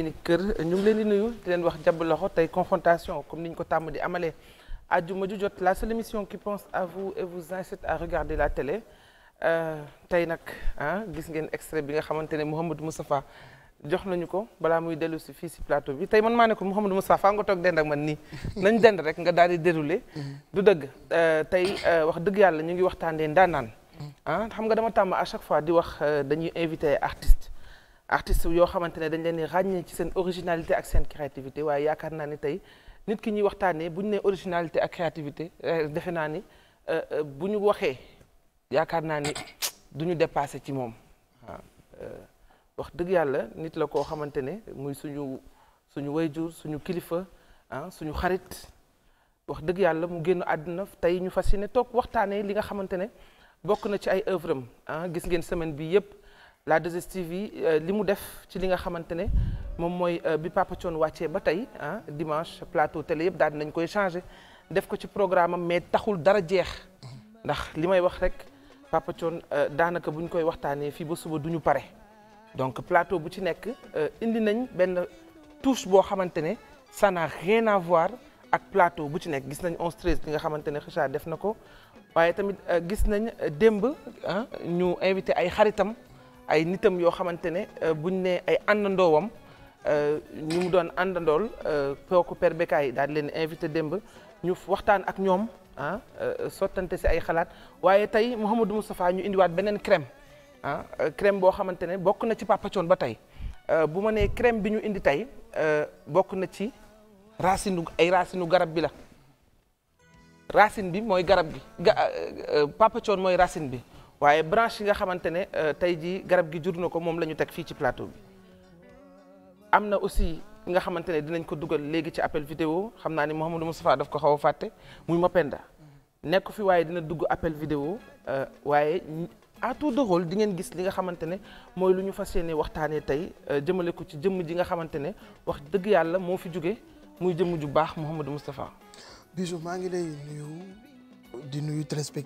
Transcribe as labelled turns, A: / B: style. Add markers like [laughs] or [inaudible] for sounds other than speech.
A: Binik Kër ñu ngi leen di nuyu di leen wax jàbb loxo confrontation comme ni ko tàmm di amalee àjjuma ju jot la seule émission qui pense à vous et vous incite à regarder la télé euh, tey nag ah gis ngeen extrait bi nga xamante ne Mouhamadou Moustapha jox nañu ko balaa muy dellu si fii si plateau bi tey man maa ne ko Mouhamadou Moustapha faa nga toog dend ak man nii [laughs] nañ dend rek nga daal di déroulé mm-hmm. du dëgg euh, tey euh, wax dëgg yàlla ñu ngi waxtaanee ndaanaan mm-hmm. ah xam nga dama tàmm à chaque di wax dañuy invité artiste artist yoo xamante ne dañ leen di ràññee ci seen originalité ak seen créativité waaye yaakaar naa ni tey nit ki ñuy waxtaanee bu ñu nee originalité ak créativité euh, defe naa ni euh, euh, bu ñu waxee yaakaar naa ni du ñu dépassé ci moom waaw wax dëgg yàlla nit la koo xamante ne muy suñu suñu wayjur suñu kilifa ah suñu xarit wax dëgg yàlla mu génn àdduna tey ñu fas yéene toog waxtaanee li nga xamante ne bokk na ci ay œuvre am ah, gis ngeen semaine bi yëpp la 2STV euh, li mu def ci li nga xamante ne moom mooy euh, bi Papa Thione wàccee ba tey ah dimanche plateau télé yëpp daal dinañ koy changé def ko ci programme am mais taxul dara jeex ndax li may wax rek Papa Thione euh, daanaka bu ñu koy waxtaanee fii ba suba du ñu pare donc plateau bu ci nekk indi nañ benn tous boo xamante ne ça n'a rien ak plateau bu ci nekk gis nañ 11 13 li nga xamante ne Kheucha def na ko waaye tamit gis nañ démb ñu invité ay xaritam. ay nitam yoo xamante ne euh, buñ ne ay àndandoowam euh, ñu mu doon àndandool euh, kooku Père yi daal di leen invité démb ñu waxtaan ak ñoom ah sottante si ay xalaat waaye tey Mouhamadou Moustapha ñu indiwaat beneen crème ah crème boo xamante ne bokk na ci Papa ba tey bu ma nee crème bi ñu indi tey bokk na ci racine ay racine garab bi la racine bi mooy garab gi Papa mooy racine bi waaye branche yi nga xamante ne euh, tey jii garab gi jur na ko moom la ñu teg fii ci plateau bi am na aussi nga xamante ne dinañ ko dugal léegi ci appel vidéo xam naa ni Mouhamadou Moustapha daf ko xaw a fàtte muy Mapenda nekk fi waaye dina dugg appel vidéo euh, waaye à de rôle dingeen gis li nga xamante ne mooy lu ñu fas yéene waxtaanee tey euh, jëmale ko ci jëmm ji nga xamante ne wax dëgg yàlla moo fi jóge muy jëmm ju baax Mouhamadou Moustapha. Bijou maa ngi lay nuyu di